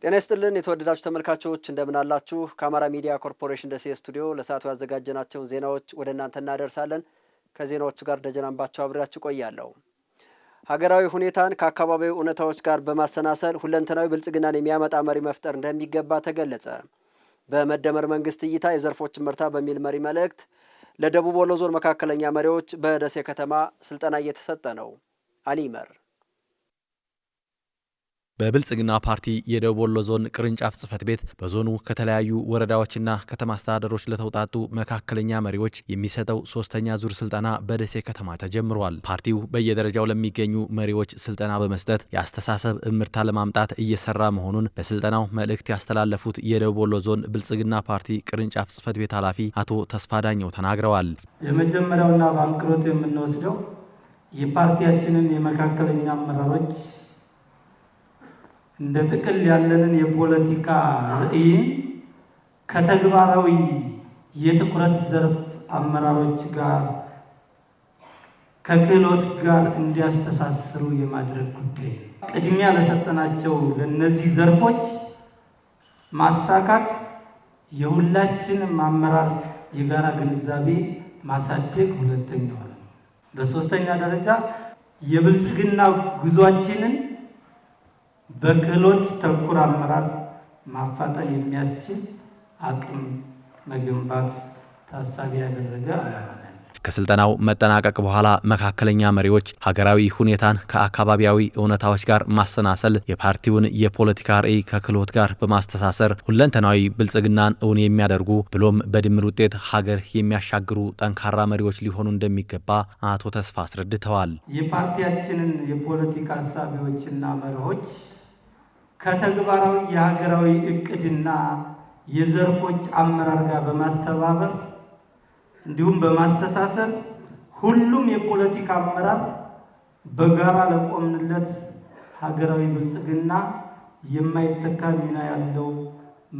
ጤና ይስጥልን የተወደዳችሁ ተመልካቾች እንደምናላችሁ ከአማራ ሚዲያ ኮርፖሬሽን ደሴ ስቱዲዮ ለሰዓቱ ያዘጋጀናቸውን ዜናዎች ወደ እናንተ እናደርሳለን። ከዜናዎቹ ጋር ደጀናንባቸው አብሬያችሁ ቆያለሁ። ሀገራዊ ሁኔታን ከአካባቢው እውነታዎች ጋር በማሰናሰል ሁለንተናዊ ብልጽግናን የሚያመጣ መሪ መፍጠር እንደሚገባ ተገለጸ። በመደመር መንግስት እይታ የዘርፎችን ምርታ በሚል መሪ መልእክት ለደቡብ ወሎ ዞን መካከለኛ መሪዎች በደሴ ከተማ ስልጠና እየተሰጠ ነው። አሊመር በብልጽግና ፓርቲ የደቡብ ወሎ ዞን ቅርንጫፍ ጽህፈት ቤት በዞኑ ከተለያዩ ወረዳዎችና ከተማ አስተዳደሮች ለተውጣጡ መካከለኛ መሪዎች የሚሰጠው ሶስተኛ ዙር ስልጠና በደሴ ከተማ ተጀምሯል። ፓርቲው በየደረጃው ለሚገኙ መሪዎች ስልጠና በመስጠት የአስተሳሰብ እምርታ ለማምጣት እየሰራ መሆኑን በስልጠናው መልእክት ያስተላለፉት የደቡብ ወሎ ዞን ብልጽግና ፓርቲ ቅርንጫፍ ጽህፈት ቤት ኃላፊ አቶ ተስፋ ዳኘው ተናግረዋል። የመጀመሪያውና በአንክሮት የምንወስደው የፓርቲያችንን የመካከለኛ አመራሮች እንደ ጥቅል ያለንን የፖለቲካ ራዕይ ከተግባራዊ የትኩረት ዘርፍ አመራሮች ጋር ከክህሎት ጋር እንዲያስተሳስሩ የማድረግ ጉዳይ ቅድሚያ ለሰጠናቸው ለእነዚህ ዘርፎች ማሳካት የሁላችንም አመራር የጋራ ግንዛቤ ማሳደግ ሁለተኛው ነው። በሶስተኛ ደረጃ የብልጽግና ጉዟችንን በክህሎት ተኮር አመራር ማፋጠን የሚያስችል አቅም መገንባት ታሳቢ ያደረገ አላማ ከስልጠናው መጠናቀቅ በኋላ መካከለኛ መሪዎች ሀገራዊ ሁኔታን ከአካባቢያዊ እውነታዎች ጋር ማሰናሰል፣ የፓርቲውን የፖለቲካ ራዕይ ከክህሎት ጋር በማስተሳሰር ሁለንተናዊ ብልጽግናን እውን የሚያደርጉ ብሎም በድምር ውጤት ሀገር የሚያሻግሩ ጠንካራ መሪዎች ሊሆኑ እንደሚገባ አቶ ተስፋ አስረድተዋል። የፓርቲያችንን የፖለቲካ ሀሳቢዎችና መርሆች ከተግባራዊ የሀገራዊ እቅድና የዘርፎች አመራር ጋር በማስተባበር እንዲሁም በማስተሳሰር ሁሉም የፖለቲካ አመራር በጋራ ለቆምንለት ሀገራዊ ብልጽግና የማይተካ ሚና ያለው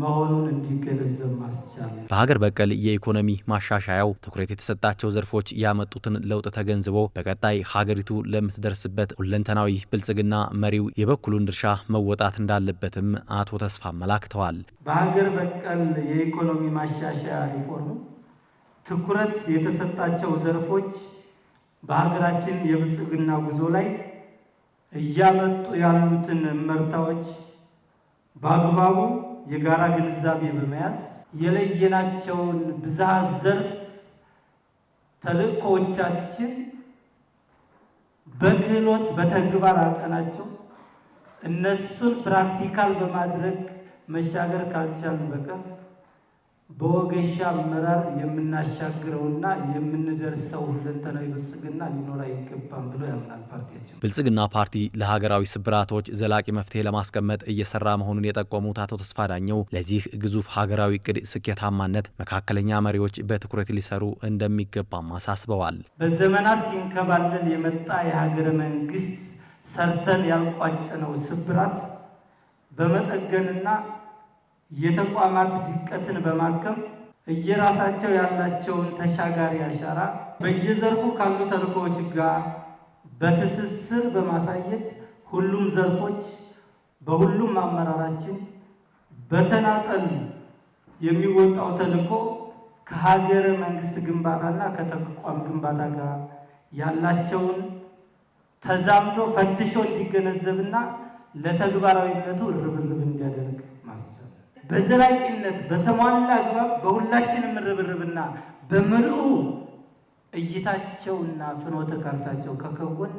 መሆኑን እንዲገነዘብ ማስቻል በሀገር በቀል የኢኮኖሚ ማሻሻያው ትኩረት የተሰጣቸው ዘርፎች ያመጡትን ለውጥ ተገንዝቦ በቀጣይ ሀገሪቱ ለምትደርስበት ሁለንተናዊ ብልጽግና መሪው የበኩሉን ድርሻ መወጣት እንዳለበትም አቶ ተስፋ አመላክተዋል። በሀገር በቀል የኢኮኖሚ ማሻሻያ ሪፎርሙ ትኩረት የተሰጣቸው ዘርፎች በሀገራችን የብልጽግና ጉዞ ላይ እያመጡ ያሉትን መርታዎች በአግባቡ የጋራ ግንዛቤ በመያዝ የለየናቸውን ብዝሃ ዘርፍ ተልእኮዎቻችን በክህሎት በተግባር አጠናቸው እነሱን ፕራክቲካል በማድረግ መሻገር ካልቻልን በቀር በወገሻ አመራር የምናሻግረውና የምንደርሰው ሁለንተናዊ ብልጽግና ሊኖር አይገባም ብሎ ያምናል ፓርቲያችን። ብልጽግና ፓርቲ ለሀገራዊ ስብራቶች ዘላቂ መፍትሄ ለማስቀመጥ እየሰራ መሆኑን የጠቆሙት አቶ ተስፋ ዳኘው ለዚህ ግዙፍ ሀገራዊ እቅድ ስኬታማነት መካከለኛ መሪዎች በትኩረት ሊሰሩ እንደሚገባም አሳስበዋል። በዘመናት ሲንከባለል የመጣ የሀገረ መንግስት ሰርተን ያልቋጨነው ስብራት በመጠገንና የተቋማት ድቀትን በማከም እየራሳቸው ያላቸውን ተሻጋሪ አሻራ በየዘርፉ ካሉ ተልእኮዎች ጋር በትስስር በማሳየት ሁሉም ዘርፎች በሁሉም አመራራችን በተናጠል የሚወጣው ተልእኮ ከሀገረ መንግስት ግንባታና ከተቋም ግንባታ ጋር ያላቸውን ተዛምዶ ፈትሾ እንዲገነዘብና ለተግባራዊነቱ ርብር በዘላቂነት በተሟላ አግባብ በሁላችንም ርብርብና በምልኡ እይታቸውና ፍኖተ ካርታቸው ከከወን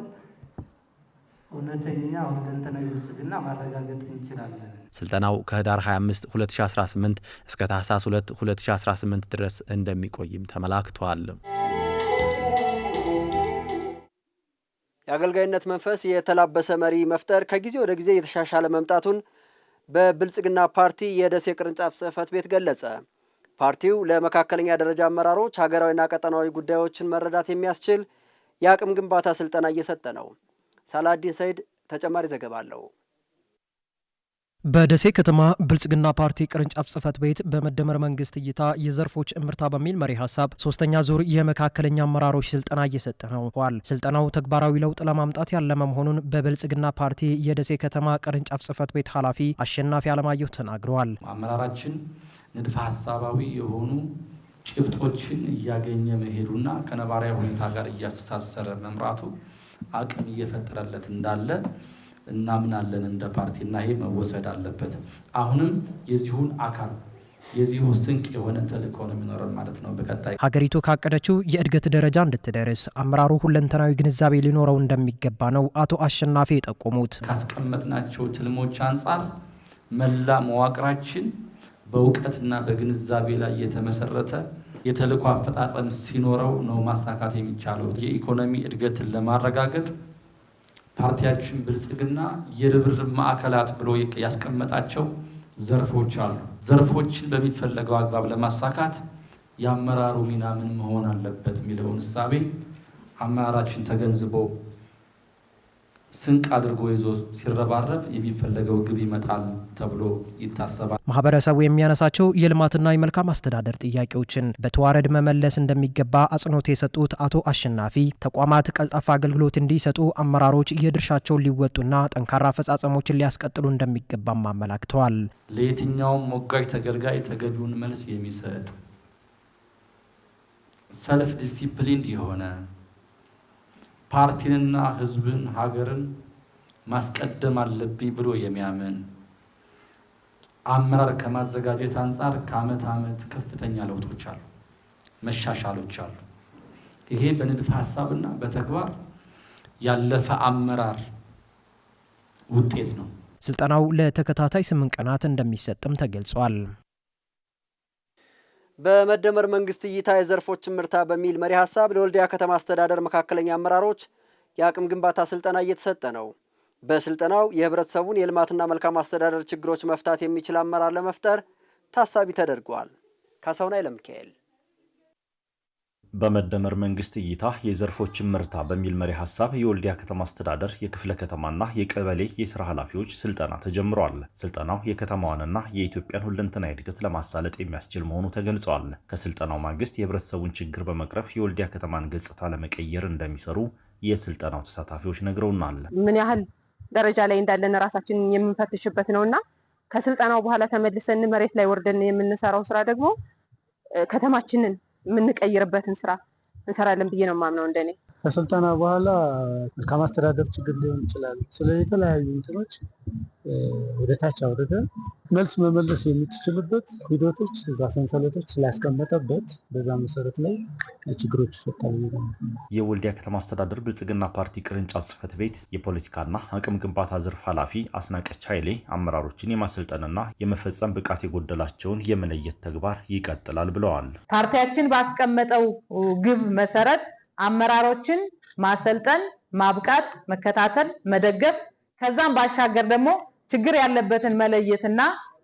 እውነተኛ ሁለንተናዊ ብልጽግና ማረጋገጥ እንችላለን። ስልጠናው ከህዳር 25 2018 እስከ ታህሳስ 2 2018 ድረስ እንደሚቆይም ተመላክቷል። የአገልጋይነት መንፈስ የተላበሰ መሪ መፍጠር ከጊዜ ወደ ጊዜ እየተሻሻለ መምጣቱን በብልጽግና ፓርቲ የደሴ ቅርንጫፍ ጽህፈት ቤት ገለጸ። ፓርቲው ለመካከለኛ ደረጃ አመራሮች ሀገራዊና ቀጠናዊ ጉዳዮችን መረዳት የሚያስችል የአቅም ግንባታ ስልጠና እየሰጠ ነው። ሳላዲን ሰይድ ተጨማሪ ዘገባ አለው። በደሴ ከተማ ብልጽግና ፓርቲ ቅርንጫፍ ጽህፈት ቤት በመደመር መንግስት እይታ የዘርፎች እምርታ በሚል መሪ ሀሳብ ሶስተኛ ዙር የመካከለኛ አመራሮች ስልጠና እየሰጠ ነው ዋል። ስልጠናው ተግባራዊ ለውጥ ለማምጣት ያለመ መሆኑን በብልጽግና ፓርቲ የደሴ ከተማ ቅርንጫፍ ጽህፈት ቤት ኃላፊ አሸናፊ አለማየሁ ተናግረዋል። አመራራችን ንድፈ ሀሳባዊ የሆኑ ጭብጦችን እያገኘ መሄዱና ከነባሪያ ሁኔታ ጋር እያስተሳሰረ መምራቱ አቅም እየፈጠረለት እንዳለ እናምናለን እንደ ፓርቲ እና ይሄ መወሰድ አለበት። አሁንም የዚሁን አካል የዚህ ስንቅ የሆነ ተልእኮ ነው የሚኖረን ማለት ነው። በቀጣይ ሀገሪቱ ካቀደችው የእድገት ደረጃ እንድትደርስ አመራሩ ሁለንተናዊ ግንዛቤ ሊኖረው እንደሚገባ ነው አቶ አሸናፊ የጠቆሙት። ካስቀመጥናቸው ትልሞች አንጻር መላ መዋቅራችን በእውቀትና በግንዛቤ ላይ የተመሰረተ የተልእኮ አፈጻጸም ሲኖረው ነው ማሳካት የሚቻለው የኢኮኖሚ እድገትን ለማረጋገጥ ፓርቲያችን ብልጽግና የርብርብ ማዕከላት ብሎ ያስቀመጣቸው ዘርፎች አሉ። ዘርፎችን በሚፈለገው አግባብ ለማሳካት የአመራሩ ሚና ምን መሆን አለበት የሚለውን እሳቤ አመራራችን ተገንዝቦ ስንቅ አድርጎ ይዞ ሲረባረብ የሚፈለገው ግብ ይመጣል ተብሎ ይታሰባል። ማህበረሰቡ የሚያነሳቸው የልማትና የመልካም አስተዳደር ጥያቄዎችን በተዋረድ መመለስ እንደሚገባ አጽንኦት የሰጡት አቶ አሸናፊ ተቋማት ቀልጣፋ አገልግሎት እንዲሰጡ አመራሮች የድርሻቸውን ሊወጡና ጠንካራ አፈጻጸሞችን ሊያስቀጥሉ እንደሚገባም አመላክተዋል። ለየትኛውም ሞጋጅ ተገልጋይ ተገቢውን መልስ የሚሰጥ ሰልፍ ዲሲፕሊን የሆነ ፓርቲንና ህዝብን ሀገርን ማስቀደም አለብኝ ብሎ የሚያምን አመራር ከማዘጋጀት አንጻር ከአመት ዓመት ከፍተኛ ለውጦች አሉ፣ መሻሻሎች አሉ። ይሄ በንድፍ ሀሳብና በተግባር ያለፈ አመራር ውጤት ነው። ስልጠናው ለተከታታይ ስምንት ቀናት እንደሚሰጥም ተገልጿል። በመደመር መንግስት እይታ የዘርፎች ምርታ በሚል መሪ ሀሳብ ለወልዲያ ከተማ አስተዳደር መካከለኛ አመራሮች የአቅም ግንባታ ስልጠና እየተሰጠ ነው። በስልጠናው የህብረተሰቡን የልማትና መልካም አስተዳደር ችግሮች መፍታት የሚችል አመራር ለመፍጠር ታሳቢ ተደርጓል። ካሳሁን ኃይለሚካኤል በመደመር መንግስት እይታ የዘርፎችን ምርታ በሚል መሪ ሀሳብ የወልዲያ ከተማ አስተዳደር የክፍለ ከተማና የቀበሌ የስራ ኃላፊዎች ስልጠና ተጀምሯል። ስልጠናው የከተማዋንና የኢትዮጵያን ሁለንተናዊ እድገት ለማሳለጥ የሚያስችል መሆኑ ተገልጿል። ከስልጠናው ማግስት የህብረተሰቡን ችግር በመቅረፍ የወልዲያ ከተማን ገጽታ ለመቀየር እንደሚሰሩ የስልጠናው ተሳታፊዎች ነግረውናል። ምን ያህል ደረጃ ላይ እንዳለን ራሳችን የምንፈትሽበት ነውና ከስልጠናው በኋላ ተመልሰን መሬት ላይ ወርደን የምንሰራው ስራ ደግሞ ከተማችንን የምንቀይርበትን ስራ እንሰራለን ብዬ ነው የማምነው እንደኔ ከስልጠና በኋላ ከማስተዳደር ችግር ሊሆን ይችላል። ስለዚህ የተለያዩ እንትኖች ወደታች አውርደ መልስ መመለስ የምትችልበት ሂደቶች እዛ ሰንሰለቶች ስላስቀመጠበት በዛ መሰረት ላይ ችግሮች ይፈታሉ። የወልዲያ ከተማ አስተዳደር ብልጽግና ፓርቲ ቅርንጫፍ ጽህፈት ቤት የፖለቲካና አቅም ግንባታ ዘርፍ ኃላፊ አስናቀች ኃይሌ አመራሮችን የማሰልጠንና የመፈጸም ብቃት የጎደላቸውን የመለየት ተግባር ይቀጥላል ብለዋል። ፓርቲያችን ባስቀመጠው ግብ መሰረት አመራሮችን ማሰልጠን፣ ማብቃት፣ መከታተል፣ መደገፍ ከዛም ባሻገር ደግሞ ችግር ያለበትን መለየትና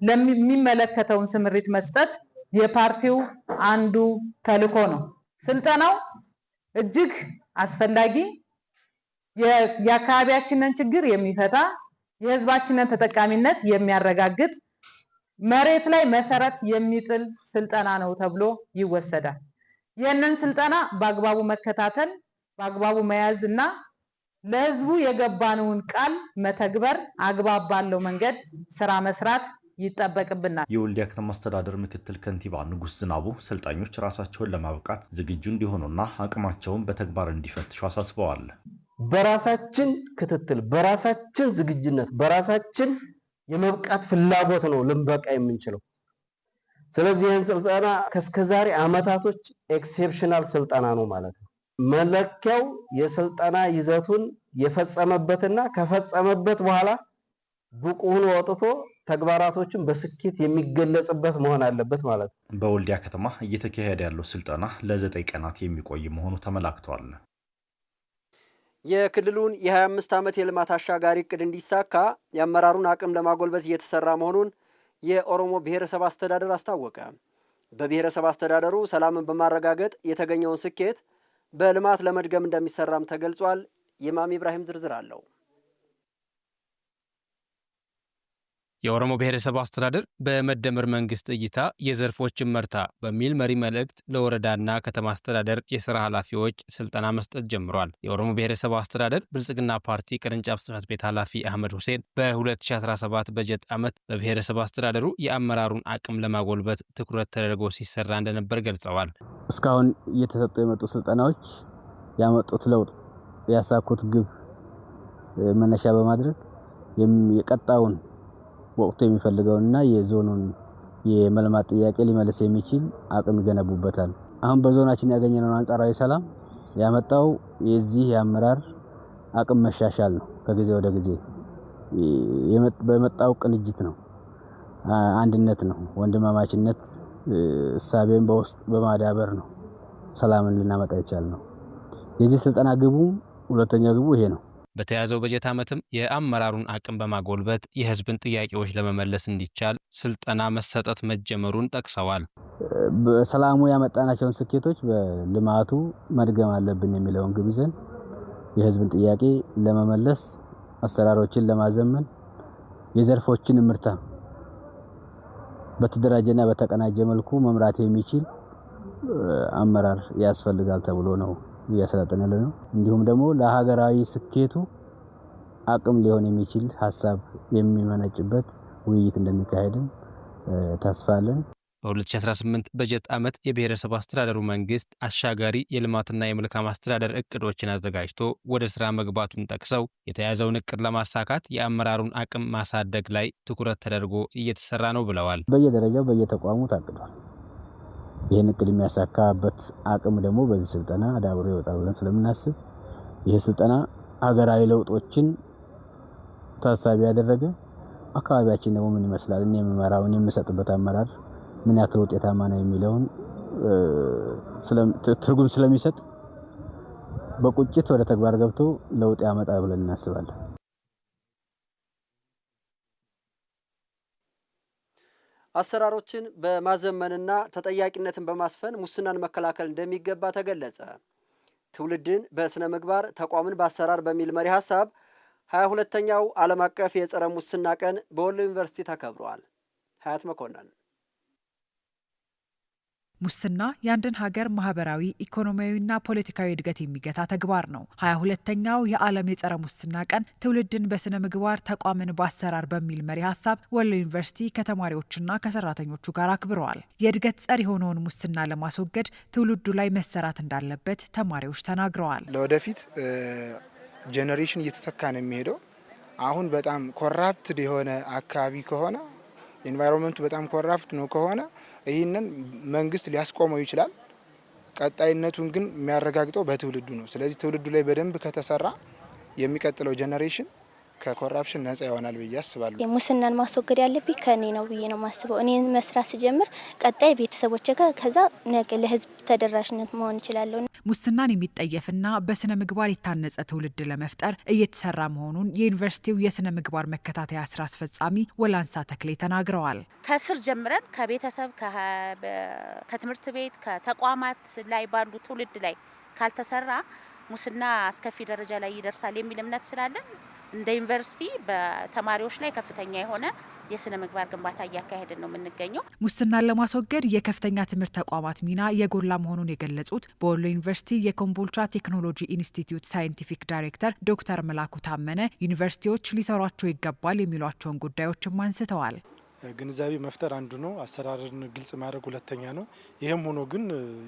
ለሚመለከተውን ስምሪት መስጠት የፓርቲው አንዱ ተልዕኮ ነው። ስልጠናው እጅግ አስፈላጊ የአካባቢያችንን ችግር የሚፈታ የሕዝባችንን ተጠቃሚነት የሚያረጋግጥ መሬት ላይ መሰረት የሚጥል ስልጠና ነው ተብሎ ይወሰዳል። ይህንን ስልጠና በአግባቡ መከታተል በአግባቡ መያዝ እና ለህዝቡ የገባነውን ቃል መተግበር አግባብ ባለው መንገድ ስራ መስራት ይጠበቅብናል። የወልዲያ ከተማ አስተዳደር ምክትል ከንቲባ ንጉስ ዝናቡ ሰልጣኞች ራሳቸውን ለማብቃት ዝግጁ እንዲሆኑና አቅማቸውን በተግባር እንዲፈትሹ አሳስበዋል። በራሳችን ክትትል፣ በራሳችን ዝግጁነት፣ በራሳችን የመብቃት ፍላጎት ነው ልንበቃ የምንችለው። ስለዚህ ይህን ስልጠና ከስከዛሬ አመታቶች ኤክሴፕሽናል ስልጠና ነው ማለት ነው። መለኪያው የስልጠና ይዘቱን የፈጸመበትና ከፈጸመበት በኋላ ብቁ ሆኖ ወጥቶ ተግባራቶችን በስኬት የሚገለጽበት መሆን አለበት ማለት ነው። በወልዲያ ከተማ እየተካሄደ ያለው ስልጠና ለዘጠኝ ቀናት የሚቆይ መሆኑ ተመላክቷል። የክልሉን የ25 ዓመት የልማት አሻጋሪ እቅድ እንዲሳካ የአመራሩን አቅም ለማጎልበት እየተሰራ መሆኑን የኦሮሞ ብሔረሰብ አስተዳደር አስታወቀ። በብሔረሰብ አስተዳደሩ ሰላምን በማረጋገጥ የተገኘውን ስኬት በልማት ለመድገም እንደሚሰራም ተገልጿል። የማሚ ኢብራሂም ዝርዝር አለው። የኦሮሞ ብሔረሰብ አስተዳደር በመደመር መንግስት እይታ የዘርፎችን መርታ በሚል መሪ መልእክት ለወረዳና ከተማ አስተዳደር የስራ ኃላፊዎች ስልጠና መስጠት ጀምሯል። የኦሮሞ ብሔረሰብ አስተዳደር ብልጽግና ፓርቲ ቅርንጫፍ ጽህፈት ቤት ኃላፊ አህመድ ሁሴን በ2017 በጀት ዓመት በብሔረሰብ አስተዳደሩ የአመራሩን አቅም ለማጎልበት ትኩረት ተደርጎ ሲሰራ እንደነበር ገልጸዋል። እስካሁን እየተሰጡ የመጡ ስልጠናዎች ያመጡት ለውጥ ያሳኩት ግብ መነሻ በማድረግ የቀጣውን ወቅቱ የሚፈልገውንና የዞኑን የመልማት ጥያቄ ሊመልስ የሚችል አቅም ይገነቡበታል። አሁን በዞናችን ያገኘነውን አንጻራዊ ሰላም ያመጣው የዚህ የአመራር አቅም መሻሻል ነው። ከጊዜ ወደ ጊዜ በመጣው ቅንጅት ነው፣ አንድነት ነው፣ ወንድማማችነት እሳቤን በውስጥ በማዳበር ነው ሰላምን ልናመጣ ይቻል ነው። የዚህ ስልጠና ግቡ ሁለተኛ ግቡ ይሄ ነው። በተያዘው በጀት ዓመትም የአመራሩን አቅም በማጎልበት የህዝብን ጥያቄዎች ለመመለስ እንዲቻል ስልጠና መሰጠት መጀመሩን ጠቅሰዋል። በሰላሙ ያመጣናቸውን ስኬቶች በልማቱ መድገም አለብን የሚለውን ግብ ይዘን የህዝብን ጥያቄ ለመመለስ አሰራሮችን ለማዘመን የዘርፎችን ምርታ በተደራጀና በተቀናጀ መልኩ መምራት የሚችል አመራር ያስፈልጋል ተብሎ ነው እያሰላጠን ያለ ነው። እንዲሁም ደግሞ ለሀገራዊ ስኬቱ አቅም ሊሆን የሚችል ሀሳብ የሚመነጭበት ውይይት እንደሚካሄድም ተስፋ አለን። በ2018 በጀት ዓመት የብሔረሰብ አስተዳደሩ መንግስት አሻጋሪ የልማትና የመልካም አስተዳደር እቅዶችን አዘጋጅቶ ወደ ስራ መግባቱን ጠቅሰው የተያዘውን እቅድ ለማሳካት የአመራሩን አቅም ማሳደግ ላይ ትኩረት ተደርጎ እየተሰራ ነው ብለዋል። በየደረጃው በየተቋሙ ታቅዷል። ይህን እቅድ የሚያሳካበት አቅም ደግሞ በዚህ ስልጠና ዳብሮ ይወጣል ብለን ስለምናስብ ይህ ስልጠና ሀገራዊ ለውጦችን ታሳቢ ያደረገ አካባቢያችን ደግሞ ምን ይመስላል፣ እኔ የምመራውን የምሰጥበት አመራር ምን ያክል ውጤታማ ነው የሚለውን ትርጉም ስለሚሰጥ በቁጭት ወደ ተግባር ገብቶ ለውጥ ያመጣል ብለን እናስባለን። አሰራሮችን በማዘመንና ተጠያቂነትን በማስፈን ሙስናን መከላከል እንደሚገባ ተገለጸ። ትውልድን በስነ ምግባር ተቋምን በአሰራር በሚል መሪ ሀሳብ ሀያ ሁለተኛው ዓለም አቀፍ የጸረ ሙስና ቀን በወሎ ዩኒቨርሲቲ ተከብሯል። ሀያት መኮንን ሙስና የአንድን ሀገር ማህበራዊ ኢኮኖሚያዊና ፖለቲካዊ እድገት የሚገታ ተግባር ነው። ሀያ ሁለተኛው የዓለም የጸረ ሙስና ቀን ትውልድን በስነ ምግባር ተቋምን በአሰራር በሚል መሪ ሀሳብ ወሎ ዩኒቨርሲቲ ከተማሪዎችና ከሰራተኞቹ ጋር አክብረዋል። የእድገት ጸር የሆነውን ሙስና ለማስወገድ ትውልዱ ላይ መሰራት እንዳለበት ተማሪዎች ተናግረዋል። ለወደፊት ጄኔሬሽን እየተተካ ነው የሚሄደው። አሁን በጣም ኮራፕትድ የሆነ አካባቢ ከሆነ ኢንቫይሮንመንቱ በጣም ኮራፍት ነው ከሆነ ይህንን መንግስት ሊያስቆመው ይችላል። ቀጣይነቱን ግን የሚያረጋግጠው በትውልዱ ነው። ስለዚህ ትውልዱ ላይ በደንብ ከተሰራ የሚቀጥለው ጀኔሬሽን ከኮራፕሽን ነጻ ይሆናል ብዬ አስባለሁ። የሙስናን ማስወገድ ያለብኝ ከእኔ ነው ብዬ ነው ማስበው። እኔ መስራት ስጀምር ቀጣይ ቤተሰቦች ጋር ከዛ ለህዝብ ተደራሽነት መሆን እችላለሁ። ሙስናን የሚጠየፍና በስነ ምግባር የታነጸ ትውልድ ለመፍጠር እየተሰራ መሆኑን የዩኒቨርሲቲው የስነ ምግባር መከታተያ ስራ አስፈጻሚ ወላንሳ ተክሌ ተናግረዋል። ከስር ጀምረን ከቤተሰብ፣ ከትምህርት ቤት፣ ከተቋማት ላይ ባሉ ትውልድ ላይ ካልተሰራ ሙስና አስከፊ ደረጃ ላይ ይደርሳል የሚል እምነት ስላለን እንደ ዩኒቨርሲቲ በተማሪዎች ላይ ከፍተኛ የሆነ የስነ ምግባር ግንባታ እያካሄድን ነው የምንገኘው። ሙስናን ለማስወገድ የከፍተኛ ትምህርት ተቋማት ሚና የጎላ መሆኑን የገለጹት በወሎ ዩኒቨርሲቲ የኮምቦልቻ ቴክኖሎጂ ኢንስቲትዩት ሳይንቲፊክ ዳይሬክተር ዶክተር መላኩ ታመነ ዩኒቨርሲቲዎች ሊሰሯቸው ይገባል የሚሏቸውን ጉዳዮችም አንስተዋል። ግንዛቤ መፍጠር አንዱ ነው። አሰራርን ግልጽ ማድረግ ሁለተኛ ነው። ይህም ሆኖ ግን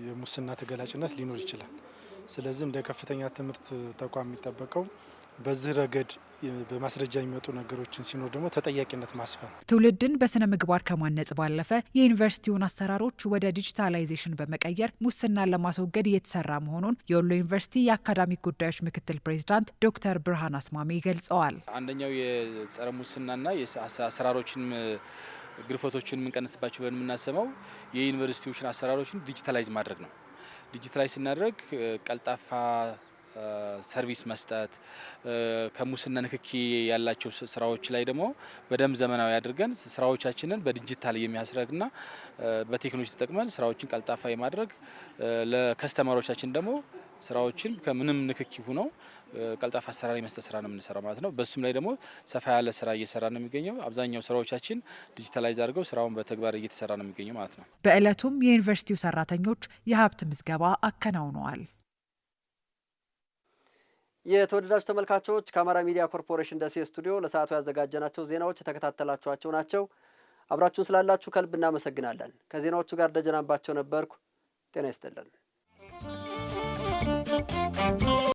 የሙስና ተገላጭነት ሊኖር ይችላል። ስለዚህ እንደ ከፍተኛ ትምህርት ተቋም የሚጠበቀው በዚህ ረገድ በማስረጃ የሚመጡ ነገሮችን ሲኖር ደግሞ ተጠያቂነት ማስፈን ትውልድን በስነ ምግባር ከማነጽ ባለፈ የዩኒቨርሲቲውን አሰራሮች ወደ ዲጂታላይዜሽን በመቀየር ሙስናን ለማስወገድ እየተሰራ መሆኑን የወሎ ዩኒቨርሲቲ የአካዳሚክ ጉዳዮች ምክትል ፕሬዚዳንት ዶክተር ብርሃን አስማሜ ገልጸዋል። አንደኛው የጸረ ሙስናና የአሰራሮችን ግርፈቶችን የምንቀንስባቸው ብለን የምናሰመው የዩኒቨርሲቲዎችን አሰራሮችን ዲጂታላይዝ ማድረግ ነው። ዲጂታላይዝ ስናደርግ ቀልጣፋ ሰርቪስ መስጠት ከሙስና ንክኪ ያላቸው ስራዎች ላይ ደግሞ በደንብ ዘመናዊ አድርገን ስራዎቻችንን በዲጂታል የሚያስረግና በቴክኖሎጂ ተጠቅመን ስራዎችን ቀልጣፋ የማድረግ ለከስተመሮቻችን ደግሞ ስራዎችን ከምንም ንክኪ ሁነው ቀልጣፋ አሰራር የመስጠት ስራ ነው የምንሰራው ማለት ነው። በሱም ላይ ደግሞ ሰፋ ያለ ስራ እየሰራ ነው የሚገኘው። አብዛኛው ስራዎቻችን ዲጂታላይዝ አድርገው ስራውን በተግባር እየተሰራ ነው የሚገኘው ማለት ነው። በእለቱም የዩኒቨርሲቲው ሰራተኞች የሀብት ምዝገባ አከናውነዋል። የተወደዳችሁ ተመልካቾች ከአማራ ሚዲያ ኮርፖሬሽን ደሴ ስቱዲዮ ለሰዓቱ ያዘጋጀናቸው ዜናዎች የተከታተላችኋቸው ናቸው። አብራችሁን ስላላችሁ ከልብ እናመሰግናለን። ከዜናዎቹ ጋር ደጀናባቸው ነበርኩ። ጤና ይስጥልን።